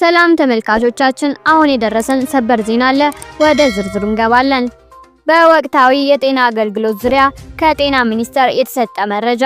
ሰላም ተመልካቾቻችን፣ አሁን የደረሰን ሰበር ዜና አለ። ወደ ዝርዝሩ እንገባለን። በወቅታዊ የጤና አገልግሎት ዙሪያ ከጤና ሚኒስቴር የተሰጠ መረጃ።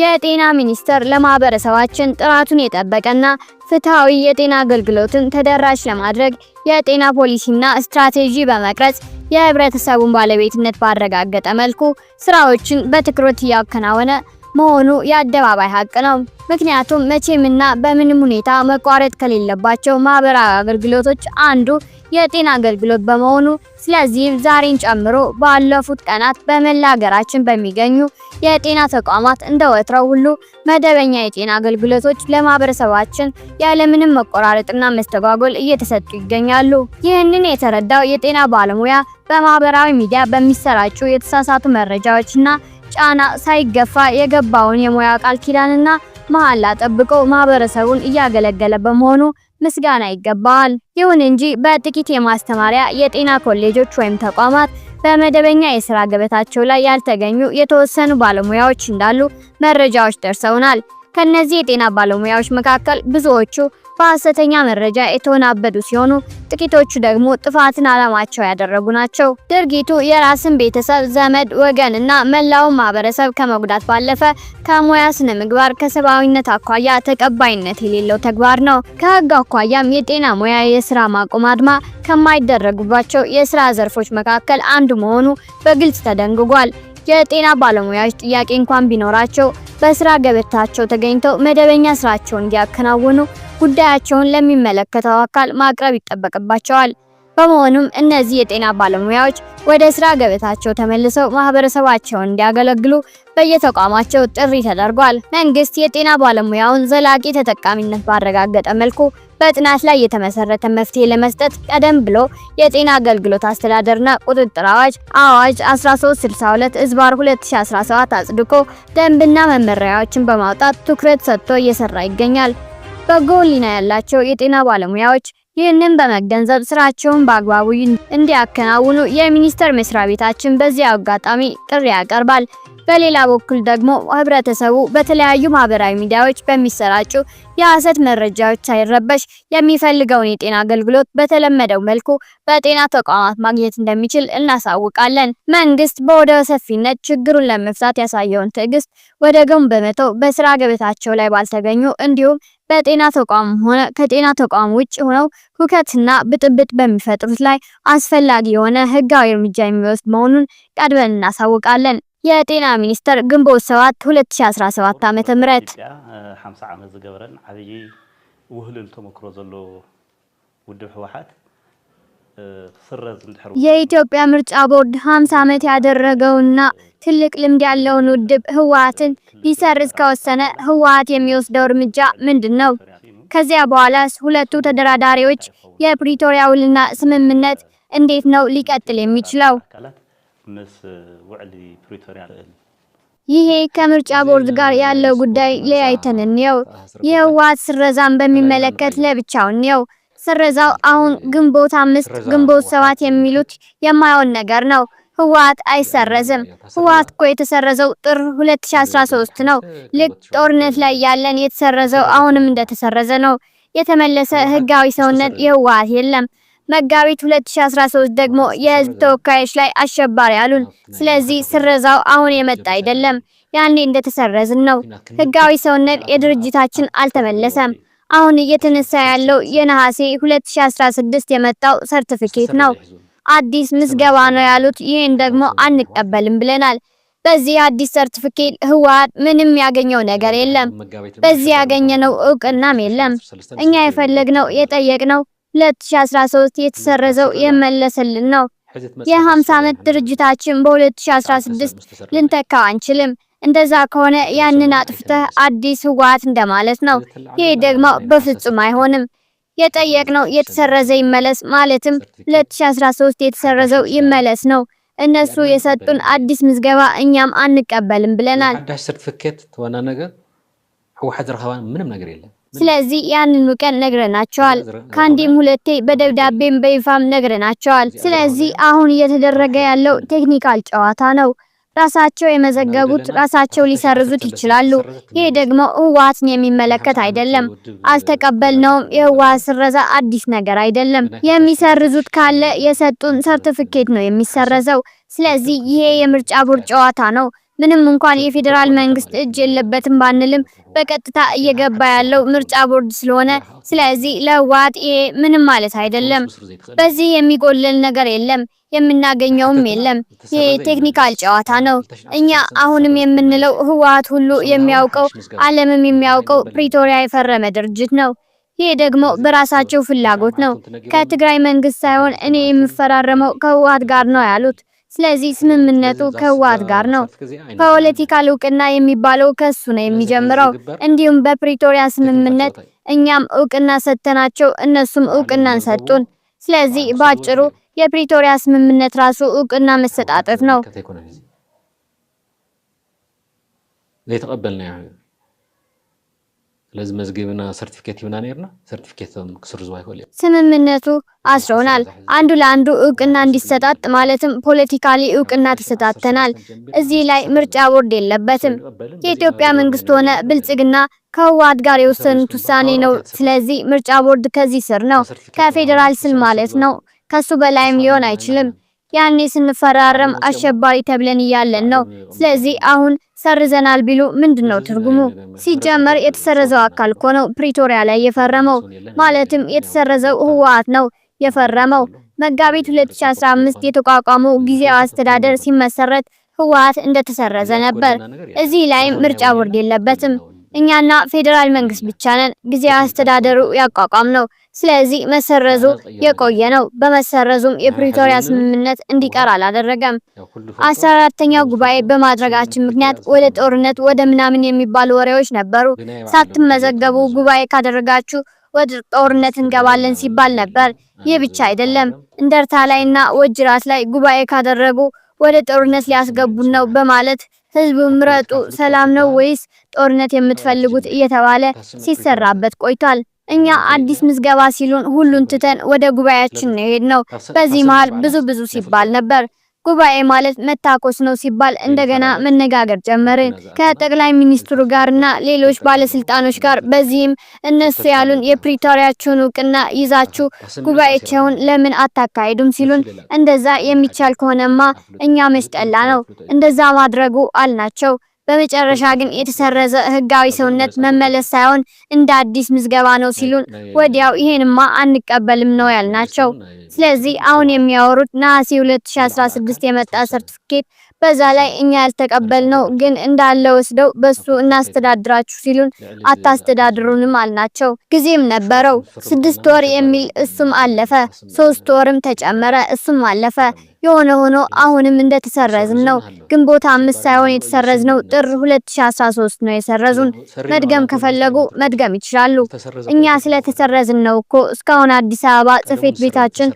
የጤና ሚኒስቴር ለማህበረሰባችን ጥራቱን የጠበቀና ፍትሃዊ የጤና አገልግሎትን ተደራሽ ለማድረግ የጤና ፖሊሲና ስትራቴጂ በመቅረጽ የህብረተሰቡን ባለቤትነት ባረጋገጠ መልኩ ስራዎችን በትኩረት እያከናወነ መሆኑ የአደባባይ ሀቅ ነው። ምክንያቱም መቼምና በምንም ሁኔታ መቋረጥ ከሌለባቸው ማህበራዊ አገልግሎቶች አንዱ የጤና አገልግሎት በመሆኑ ስለዚህም ዛሬን ጨምሮ ባለፉት ቀናት በመላ ሀገራችን በሚገኙ የጤና ተቋማት እንደ ወትረው ሁሉ መደበኛ የጤና አገልግሎቶች ለማህበረሰባችን ያለምንም መቆራረጥና መስተጓጎል እየተሰጡ ይገኛሉ። ይህንን የተረዳው የጤና ባለሙያ በማህበራዊ ሚዲያ በሚሰራጩ የተሳሳቱ መረጃዎችና ጫና ሳይገፋ የገባውን የሙያ ቃል ኪዳንና መሐላ ጠብቆ ማህበረሰቡን እያገለገለ በመሆኑ ምስጋና ይገባዋል። ይሁን እንጂ በጥቂት የማስተማሪያ የጤና ኮሌጆች ወይም ተቋማት በመደበኛ የስራ ገበታቸው ላይ ያልተገኙ የተወሰኑ ባለሙያዎች እንዳሉ መረጃዎች ደርሰውናል። ከነዚህ የጤና ባለሙያዎች መካከል ብዙዎቹ በሐሰተኛ መረጃ የተወናበዱ ሲሆኑ ጥቂቶቹ ደግሞ ጥፋትን ዓላማቸው ያደረጉ ናቸው። ድርጊቱ የራስን ቤተሰብ፣ ዘመድ፣ ወገን እና መላውን ማህበረሰብ ከመጉዳት ባለፈ ከሙያ ስነ ምግባር፣ ከሰብአዊነት አኳያ ተቀባይነት የሌለው ተግባር ነው። ከህግ አኳያም የጤና ሙያ የስራ ማቆም አድማ ከማይደረጉባቸው የስራ ዘርፎች መካከል አንዱ መሆኑ በግልጽ ተደንግጓል። የጤና ባለሙያዎች ጥያቄ እንኳን ቢኖራቸው በስራ ገበታቸው ተገኝተው መደበኛ ስራቸውን እንዲያከናውኑ ጉዳያቸውን ለሚመለከተው አካል ማቅረብ ይጠበቅባቸዋል። በመሆኑም እነዚህ የጤና ባለሙያዎች ወደ ስራ ገበታቸው ተመልሰው ማህበረሰባቸውን እንዲያገለግሉ በየተቋማቸው ጥሪ ተደርጓል። መንግስት የጤና ባለሙያውን ዘላቂ ተጠቃሚነት ባረጋገጠ መልኩ በጥናት ላይ የተመሰረተ መፍትሄ ለመስጠት ቀደም ብሎ የጤና አገልግሎት አስተዳደርና ቁጥጥር አዋጅ አዋጅ 1362 ህዝባር 2017 አጽድቆ ደንብና መመሪያዎችን በማውጣት ትኩረት ሰጥቶ እየሰራ ይገኛል። በጎ ሕሊና ያላቸው የጤና ባለሙያዎች ይህንን በመገንዘብ ስራቸውን በአግባቡ እንዲያከናውኑ የሚኒስቴር መስሪያ ቤታችን በዚህ አጋጣሚ ጥሪ ያቀርባል። በሌላ በኩል ደግሞ ህብረተሰቡ በተለያዩ ማህበራዊ ሚዲያዎች በሚሰራጩ የሐሰት መረጃዎች ሳይረበሽ የሚፈልገውን የጤና አገልግሎት በተለመደው መልኩ በጤና ተቋማት ማግኘት እንደሚችል እናሳውቃለን። መንግስት በወደ ሰፊነት ችግሩን ለመፍታት ያሳየውን ትዕግስት ወደ ጎን በመተው በስራ ገበታቸው ላይ ባልተገኙ እንዲሁም በጤና ተቋም ሆነ ከጤና ተቋም ውጭ ሆነው ሁከትና ብጥብጥ በሚፈጥሩት ላይ አስፈላጊ የሆነ ህጋዊ እርምጃ የሚወስድ መሆኑን ቀድመን እናሳውቃለን። የጤና ሚኒስቴር ግንቦት 7 2017 ዓም ምህረት 50 ዓመት ዝገበረን ዓብይ ውህሉል ተመክሮ ዘሎ ውድብ ህወሓት የኢትዮጵያ ምርጫ ቦርድ 50 ዓመት ያደረገውና ትልቅ ልምድ ያለውን ውድብ ህወሓትን ሊሰርዝ ከወሰነ ህወሓት የሚወስደው እርምጃ ምንድን ነው? ከዚያ በኋላስ ሁለቱ ተደራዳሪዎች የፕሪቶሪያ ውልና ስምምነት እንዴት ነው ሊቀጥል የሚችለው? ይሄ ከምርጫ ቦርድ ጋር ያለው ጉዳይ ለያይተን እንየው። የህወሓት ስረዛን በሚመለከት ለብቻው እንየው። ስረዛው አሁን ግንቦት አምስት ግንቦት ሰባት የሚሉት የማይሆን ነገር ነው። ህወሓት አይሰረዝም። ህወሓት እኮ የተሰረዘው ጥር 2013 ነው። ልክ ጦርነት ላይ ያለን የተሰረዘው አሁንም እንደተሰረዘ ነው። የተመለሰ ህጋዊ ሰውነት የህወሓት የለም። መጋቢት 2013 ደግሞ የህዝብ ተወካዮች ላይ አሸባሪ አሉን። ስለዚህ ስረዛው አሁን የመጣ አይደለም፣ ያኔ እንደተሰረዝን ነው። ህጋዊ ሰውነት የድርጅታችን አልተመለሰም። አሁን እየተነሳ ያለው የነሐሴ 2016 የመጣው ሰርቲፊኬት ነው። አዲስ ምዝገባ ነው ያሉት። ይህን ደግሞ አንቀበልም ብለናል። በዚህ አዲስ ሰርቲፊኬት ህወሓት ምንም ያገኘው ነገር የለም። በዚህ ያገኘነው እውቅናም የለም። እኛ የፈለግነው የጠየቅነው 2013 የተሰረዘው የመለሰልን ነው። የ50 ዓመት ድርጅታችን በ2016 ልንተካው አንችልም። እንደዛ ከሆነ ያንን አጥፍተህ አዲስ ህወሓት እንደማለት ነው። ይህ ደግሞ በፍጹም አይሆንም። የጠየቅነው የተሰረዘ ይመለስ ማለትም 2013 የተሰረዘው ይመለስ ነው። እነሱ የሰጡን አዲስ ምዝገባ እኛም አንቀበልም ብለናል። አዳሽ ሰርቲፊኬት ነገር ህወሓት ረኸባን ምንም ነገር የለም። ስለዚህ ያንኑ ቀን ነግረናቸዋል። ከአንዴም ሁለቴ በደብዳቤም በይፋም ነግረናቸዋል። ስለዚህ አሁን እየተደረገ ያለው ቴክኒካል ጨዋታ ነው። ራሳቸው የመዘገቡት ራሳቸው ሊሰርዙት ይችላሉ። ይህ ደግሞ ህወሓትን የሚመለከት አይደለም፣ አልተቀበልነውም። የህወሓት ስረዛ አዲስ ነገር አይደለም። የሚሰርዙት ካለ የሰጡን ሰርቲፊኬት ነው የሚሰረዘው። ስለዚህ ይሄ የምርጫ ቦርድ ጨዋታ ነው። ምንም እንኳን የፌዴራል መንግስት እጅ የለበትም ባንልም በቀጥታ እየገባ ያለው ምርጫ ቦርድ ስለሆነ፣ ስለዚህ ለህወሓት ይሄ ምንም ማለት አይደለም። በዚህ የሚጎለል ነገር የለም፣ የምናገኘውም የለም። ይሄ ቴክኒካል ጨዋታ ነው። እኛ አሁንም የምንለው ህወሓት ሁሉ የሚያውቀው ዓለምም የሚያውቀው ፕሪቶሪያ የፈረመ ድርጅት ነው። ይህ ደግሞ በራሳቸው ፍላጎት ነው። ከትግራይ መንግስት ሳይሆን እኔ የምፈራረመው ከህወሓት ጋር ነው ያሉት። ስለዚህ ስምምነቱ ከህወሓት ጋር ነው። ፖለቲካል እውቅና የሚባለው ከሱ ነው የሚጀምረው። እንዲሁም በፕሪቶሪያ ስምምነት እኛም እውቅና ሰጥተናቸው እነሱም እውቅናን ሰጡን። ስለዚህ በአጭሩ የፕሪቶሪያ ስምምነት ራሱ እውቅና መሰጣጠት ነው። ለዚ መዝግብና ሰርቲፊኬት ይብና ነርና ሰርቲፊኬት ክስር ዝዋ ይኮል ስምምነቱ አስሮናል። አንዱ ለአንዱ እውቅና እንዲሰጣጥ ማለትም ፖለቲካሊ እውቅና ተሰጣተናል። እዚህ ላይ ምርጫ ቦርድ የለበትም። የኢትዮጵያ መንግስት ሆነ ብልጽግና ከህወሓት ጋር የወሰኑት ውሳኔ ነው። ስለዚህ ምርጫ ቦርድ ከዚህ ስር ነው፣ ከፌዴራል ስል ማለት ነው። ከሱ በላይም ሊሆን አይችልም። ያኔ ስንፈራረም አሸባሪ ተብለን እያለን ነው። ስለዚህ አሁን ሰርዘናል ቢሉ ምንድን ነው ትርጉሙ? ሲጀመር የተሰረዘው አካል እኮ ነው ፕሪቶሪያ ላይ የፈረመው። ማለትም የተሰረዘው ህወሓት ነው የፈረመው። መጋቢት 2015 የተቋቋመው ጊዜያዊ አስተዳደር ሲመሰረት ህወሓት እንደተሰረዘ ነበር። እዚህ ላይ ምርጫ ቦርድ የለበትም። እኛና ፌዴራል መንግስት ብቻ ነን ጊዜያዊ አስተዳደሩ ያቋቋም ነው። ስለዚህ መሰረዙ የቆየ ነው። በመሰረዙም የፕሪቶሪያ ስምምነት እንዲቀር አላደረገም። አስራ አራተኛው ጉባኤ በማድረጋችን ምክንያት ወደ ጦርነት ወደ ምናምን የሚባሉ ወሬዎች ነበሩ። ሳትመዘገቡ ጉባኤ ካደረጋችሁ ወደ ጦርነት እንገባለን ሲባል ነበር። ይህ ብቻ አይደለም፣ እንደርታ ላይ እና ወጅራት ላይ ጉባኤ ካደረጉ ወደ ጦርነት ሊያስገቡን ነው በማለት ህዝቡ ምረጡ፣ ሰላም ነው ወይስ ጦርነት የምትፈልጉት እየተባለ ሲሰራበት ቆይቷል። እኛ አዲስ ምዝገባ ሲሉን ሁሉን ትተን ወደ ጉባኤያችን ነው የሄድነው። በዚህ መሃል ብዙ ብዙ ሲባል ነበር። ጉባኤ ማለት መታኮስ ነው ሲባል እንደገና መነጋገር ጀመርን ከጠቅላይ ሚኒስትሩ ጋርና ሌሎች ባለስልጣኖች ጋር። በዚህም እነሱ ያሉን የፕሪቶሪያችሁን እውቅና ይዛችሁ ጉባኤቸውን ለምን አታካሄዱም ሲሉን፣ እንደዛ የሚቻል ከሆነማ እኛ መስጠላ ነው እንደዛ ማድረጉ አልናቸው። በመጨረሻ ግን የተሰረዘ ህጋዊ ሰውነት መመለስ ሳይሆን እንደ አዲስ ምዝገባ ነው ሲሉን ወዲያው ይሄንማ አንቀበልም ነው ያልናቸው። ስለዚህ አሁን የሚያወሩት ነሐሴ 2016 የመጣ ሰርቲፊኬት በዛ ላይ እኛ ያልተቀበልነው ግን እንዳለ ወስደው በሱ እናስተዳድራችሁ ሲሉን አታስተዳድሩንም አልናቸው። ጊዜም ነበረው ስድስት ወር የሚል እሱም አለፈ። ሶስት ወርም ተጨመረ እሱም አለፈ። የሆነ ሆኖ አሁንም እንደተሰረዝን ነው። ግንቦት አምስት ሳይሆን የተሰረዝነው ጥር 2013 ነው የሰረዙን። መድገም ከፈለጉ መድገም ይችላሉ። እኛ ስለተሰረዝን ነው እኮ እስካሁን አዲስ አበባ ጽሕፈት ቤታችን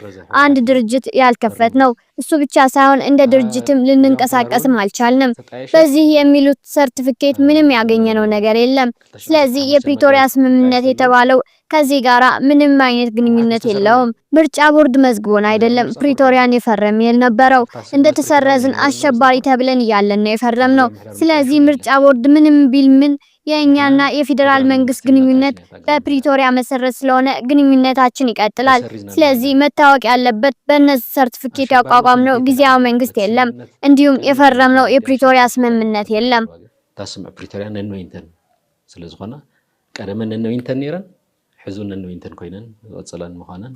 አንድ ድርጅት ያልከፈት ነው። እሱ ብቻ ሳይሆን እንደ ድርጅትም ልንንቀሳቀስም አልቻልንም። በዚህ የሚሉት ሰርቲፊኬት ምንም ያገኘነው ነገር የለም። ስለዚህ የፕሪቶሪያ ስምምነት የተባለው ከዚህ ጋር ምንም አይነት ግንኙነት የለውም። ምርጫ ቦርድ መዝግቦን አይደለም ፕሪቶሪያን የፈረም ነበረው እንደተሰረዝን አሸባሪ ተብለን እያለን ነው የፈረም ነው። ስለዚህ ምርጫ ቦርድ ምንም ቢል ምን የእኛና የፌዴራል መንግስት ግንኙነት በፕሪቶሪያ መሰረት ስለሆነ ግንኙነታችን ይቀጥላል። ስለዚህ መታወቅ ያለበት በነዚ ሰርቲፊኬት ነው ጊዜያዊ መንግስት የለም፣ እንዲሁም የፈረምነው የፕሪቶሪያ ስምምነት የለም። ስለዝኾነ ቀደመ ነነው ኢንተን ነው ሕዙንን ወይንተን ኮይነን ዝቅፅለን ምኳነን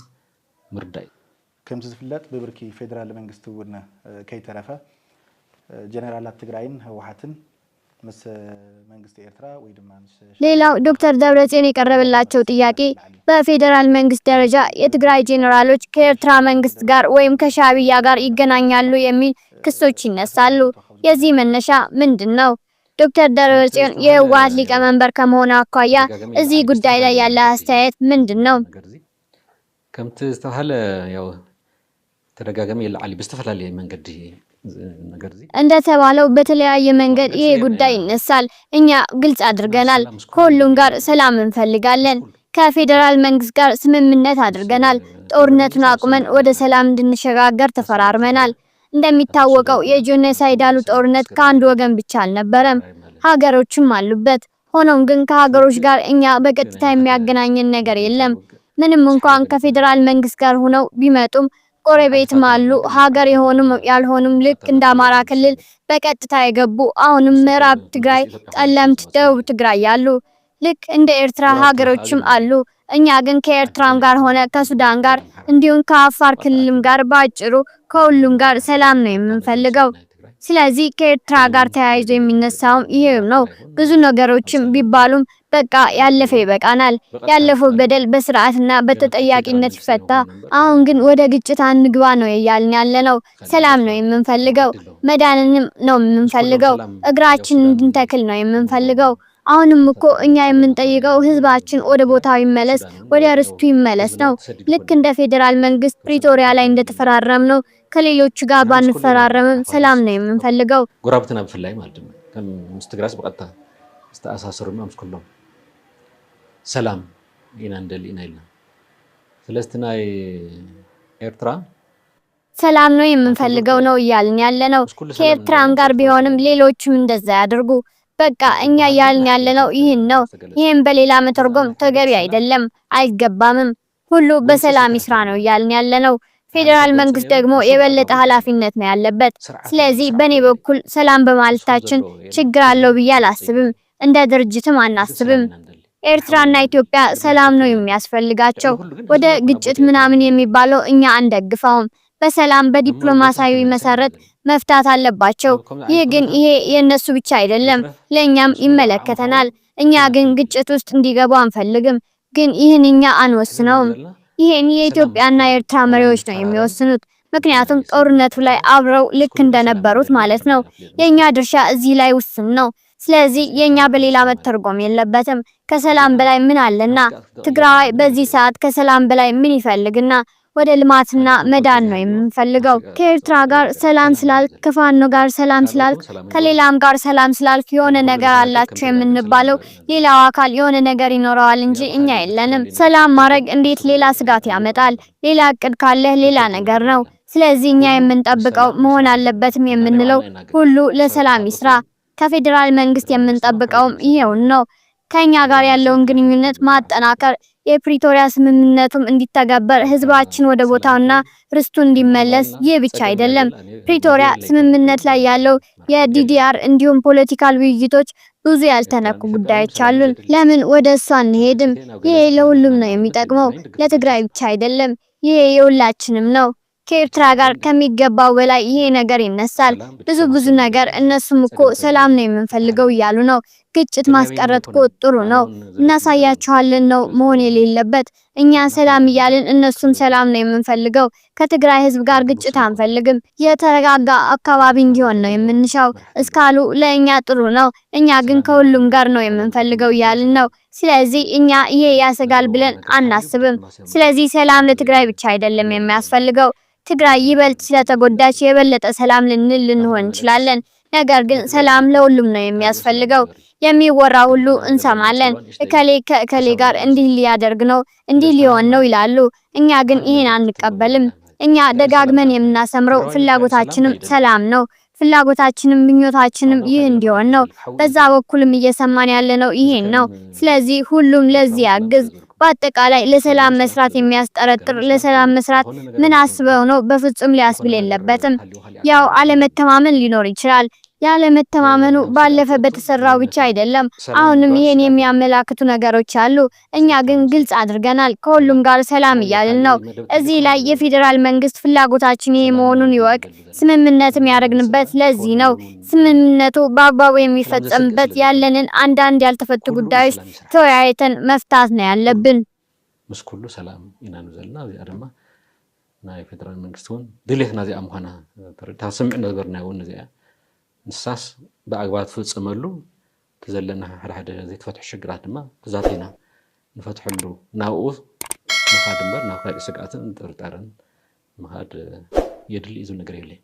ምርዳይ ከምቲ ዝፍለጥ ብብርኪ ፌደራል መንግስቲ እውን ከይተረፈ ጀነራላት ትግራይን ህወሓትን ምስ መንግስቲ ኤርትራ ወይ ድማ ሌላው ዶክተር ደብረጽዮን የቀረበላቸው ጥያቄ በፌዴራል መንግስት ደረጃ የትግራይ ጄኔራሎች ከኤርትራ መንግስት ጋር ወይም ከሻዕቢያ ጋር ይገናኛሉ የሚል ክሶች ይነሳሉ። የዚህ መነሻ ምንድን ነው? ዶክተር ደብረጽዮን የህወሓት ሊቀመንበር ከመሆኑ አኳያ እዚህ ጉዳይ ላይ ያለ አስተያየት ምንድን ነው? ከምቲ ዝተባሃለ ያው ተደጋጋሚ የለዓሊ ብዝተፈላለየ መንገዲ እንደተባለው በተለያየ መንገድ ይሄ ጉዳይ ይነሳል። እኛ ግልጽ አድርገናል። ከሁሉም ጋር ሰላም እንፈልጋለን። ከፌዴራል መንግስት ጋር ስምምነት አድርገናል። ጦርነቱን አቁመን ወደ ሰላም እንድንሸጋገር ተፈራርመናል። እንደሚታወቀው የጄኖሳይዳሉ ጦርነት ከአንድ ወገን ብቻ አልነበረም፣ ሀገሮችም አሉበት። ሆኖም ግን ከሀገሮች ጋር እኛ በቀጥታ የሚያገናኘን ነገር የለም። ምንም እንኳን ከፌዴራል መንግስት ጋር ሆነው ቢመጡም ጎረቤትም አሉ። ሀገር የሆኑም ያልሆኑም ልክ እንደ አማራ ክልል በቀጥታ የገቡ አሁንም ምዕራብ ትግራይ፣ ጠለምት፣ ደቡብ ትግራይ ያሉ ልክ እንደ ኤርትራ ሀገሮችም አሉ። እኛ ግን ከኤርትራም ጋር ሆነ ከሱዳን ጋር እንዲሁም ከአፋር ክልልም ጋር ባጭሩ ከሁሉም ጋር ሰላም ነው የምንፈልገው። ስለዚህ ከኤርትራ ጋር ተያይዞ የሚነሳውም ይሄም ነው። ብዙ ነገሮችም ቢባሉም በቃ ያለፈ ይበቃናል። ያለፈው በደል በስርዓትና በተጠያቂነት ይፈታ። አሁን ግን ወደ ግጭት አንግባ ነው እያልን ያለ ነው። ሰላም ነው የምንፈልገው። መዳንንም ነው የምንፈልገው። እግራችን እንድንተክል ነው የምንፈልገው። አሁንም እኮ እኛ የምንጠይቀው ህዝባችን ወደ ቦታው ይመለስ፣ ወደ ርስቱ ይመለስ ነው። ልክ እንደ ፌዴራል መንግስት ፕሪቶሪያ ላይ እንደተፈራረም ነው። ከሌሎች ጋር ባንፈራረምም ሰላም ነው የምንፈልገው። ጎራብትና ላይ ማለት ነው ምስትግራስ በቀጥታ ዝተኣሳሰሩ ኣምስኩሎም ሰላም ኢና ንደሊ ኢና ኢልና ስለስቲ ናይ ኤርትራ ሰላም ነው የምንፈልገው ነው እያልን ያለ ነው። ከኤርትራም ጋር ቢሆንም ሌሎችም እንደዛ ያድርጉ። በቃ እኛ ያልን ያለነው ይህን ነው። ይህም በሌላ መተርጎም ተገቢ አይደለም፣ አይገባምም። ሁሉ በሰላም ይስራ ነው እያልን ያለነው። ፌዴራል መንግስት ደግሞ የበለጠ ኃላፊነት ነው ያለበት። ስለዚህ በእኔ በኩል ሰላም በማለታችን ችግር አለው ብዬ አላስብም፣ እንደ ድርጅትም አናስብም። ኤርትራና ኢትዮጵያ ሰላም ነው የሚያስፈልጋቸው። ወደ ግጭት ምናምን የሚባለው እኛ አንደግፈውም። በሰላም በዲፕሎማሲያዊ መሰረት መፍታት አለባቸው። ይህ ግን ይሄ የእነሱ ብቻ አይደለም፣ ለእኛም ይመለከተናል። እኛ ግን ግጭት ውስጥ እንዲገቡ አንፈልግም። ግን ይህን እኛ አንወስነውም። ይሄን የኢትዮጵያና የኤርትራ መሪዎች ነው የሚወስኑት። ምክንያቱም ጦርነቱ ላይ አብረው ልክ እንደነበሩት ማለት ነው። የኛ ድርሻ እዚህ ላይ ውስን ነው። ስለዚህ የኛ በሌላ መተርጎም የለበትም። ከሰላም በላይ ምን አለና? ትግራዋይ በዚህ ሰዓት ከሰላም በላይ ምን ይፈልግና ወደ ልማትና መዳን ነው የምንፈልገው። ከኤርትራ ጋር ሰላም ስላልክ፣ ከፋኖ ጋር ሰላም ስላልክ፣ ከሌላም ጋር ሰላም ስላልክ የሆነ ነገር አላቸው የምንባለው ሌላው አካል የሆነ ነገር ይኖረዋል እንጂ እኛ የለንም። ሰላም ማድረግ እንዴት ሌላ ስጋት ያመጣል? ሌላ እቅድ ካለህ ሌላ ነገር ነው። ስለዚህ እኛ የምንጠብቀው መሆን አለበትም የምንለው ሁሉ ለሰላም ይስራ። ከፌዴራል መንግስት የምንጠብቀውም ይሄውን ነው። ከኛ ጋር ያለውን ግንኙነት ማጠናከር የፕሪቶሪያ ስምምነቱም እንዲተገበር ህዝባችን ወደ ቦታውና ርስቱ እንዲመለስ። ይህ ብቻ አይደለም። ፕሪቶሪያ ስምምነት ላይ ያለው የዲዲአር እንዲሁም ፖለቲካል ውይይቶች ብዙ ያልተነኩ ጉዳዮች አሉን። ለምን ወደ እሷ አንሄድም? ይሄ ለሁሉም ነው የሚጠቅመው። ለትግራይ ብቻ አይደለም። ይሄ የሁላችንም ነው። ከኤርትራ ጋር ከሚገባው በላይ ይሄ ነገር ይነሳል። ብዙ ብዙ ነገር እነሱም እኮ ሰላም ነው የምንፈልገው እያሉ ነው። ግጭት ማስቀረት እኮ ጥሩ ነው፣ እናሳያቸዋለን ነው መሆን የሌለበት። እኛ ሰላም እያልን እነሱም ሰላም ነው የምንፈልገው። ከትግራይ ሕዝብ ጋር ግጭት አንፈልግም። የተረጋጋ አካባቢ እንዲሆን ነው የምንሻው እስካሉ ለእኛ ጥሩ ነው። እኛ ግን ከሁሉም ጋር ነው የምንፈልገው እያልን ነው። ስለዚህ እኛ ይሄ ያሰጋል ብለን አናስብም። ስለዚህ ሰላም ለትግራይ ብቻ አይደለም የሚያስፈልገው ትግራይ ይበልጥ ስለተጎዳች የበለጠ ሰላም ልንል ልንሆን እንችላለን። ነገር ግን ሰላም ለሁሉም ነው የሚያስፈልገው። የሚወራ ሁሉ እንሰማለን። እከሌ ከእከሌ ጋር እንዲህ ሊያደርግ ነው እንዲህ ሊሆን ነው ይላሉ። እኛ ግን ይሄን አንቀበልም። እኛ ደጋግመን የምናሰምረው ፍላጎታችንም ሰላም ነው። ፍላጎታችንም ምኞታችንም ይህ እንዲሆን ነው። በዛ በኩልም እየሰማን ያለነው ይሄን ነው። ስለዚህ ሁሉም ለዚህ ያግዝ። በአጠቃላይ ለሰላም መስራት የሚያስጠረጥር ለሰላም መስራት ምን አስበው ነው በፍጹም ሊያስብል የለበትም። ያው አለመተማመን ሊኖር ይችላል። ያለመተማመኑ ባለፈ በተሰራው ብቻ አይደለም፣ አሁንም ይሄን የሚያመላክቱ ነገሮች አሉ። እኛ ግን ግልጽ አድርገናል፣ ከሁሉም ጋር ሰላም እያልን ነው። እዚህ ላይ የፌዴራል መንግስት ፍላጎታችን ይሄ መሆኑን ይወቅ። ስምምነትም ያደረግንበት ለዚህ ነው። ስምምነቱ በአግባቡ የሚፈጸምበት ያለንን አንዳንድ ያልተፈቱ ጉዳዮች ተወያይተን መፍታት ነው ያለብን። ምስኩሉ ሰላም ኢናኑ ዘለና እዚኣ ድማ ናይ ፌደራል መንግስቲ እውን ድሌትና እዚኣ ምኳና ተረዳ ስምዕ ነበርና እውን እዚኣ ንሳስ ብኣግባብ ትፍፅመሉ እቲ ዘለና ሓደሓደ ዘይትፈትሑ ሽግራት ድማ ትዛተና ንፈትሐሉ ናብኡ ምኻድ እምበር ናብ ካልእ ስግኣትን ጥርጣርን ምኻድ የድሊ እዩ ዝብል ነገር የለን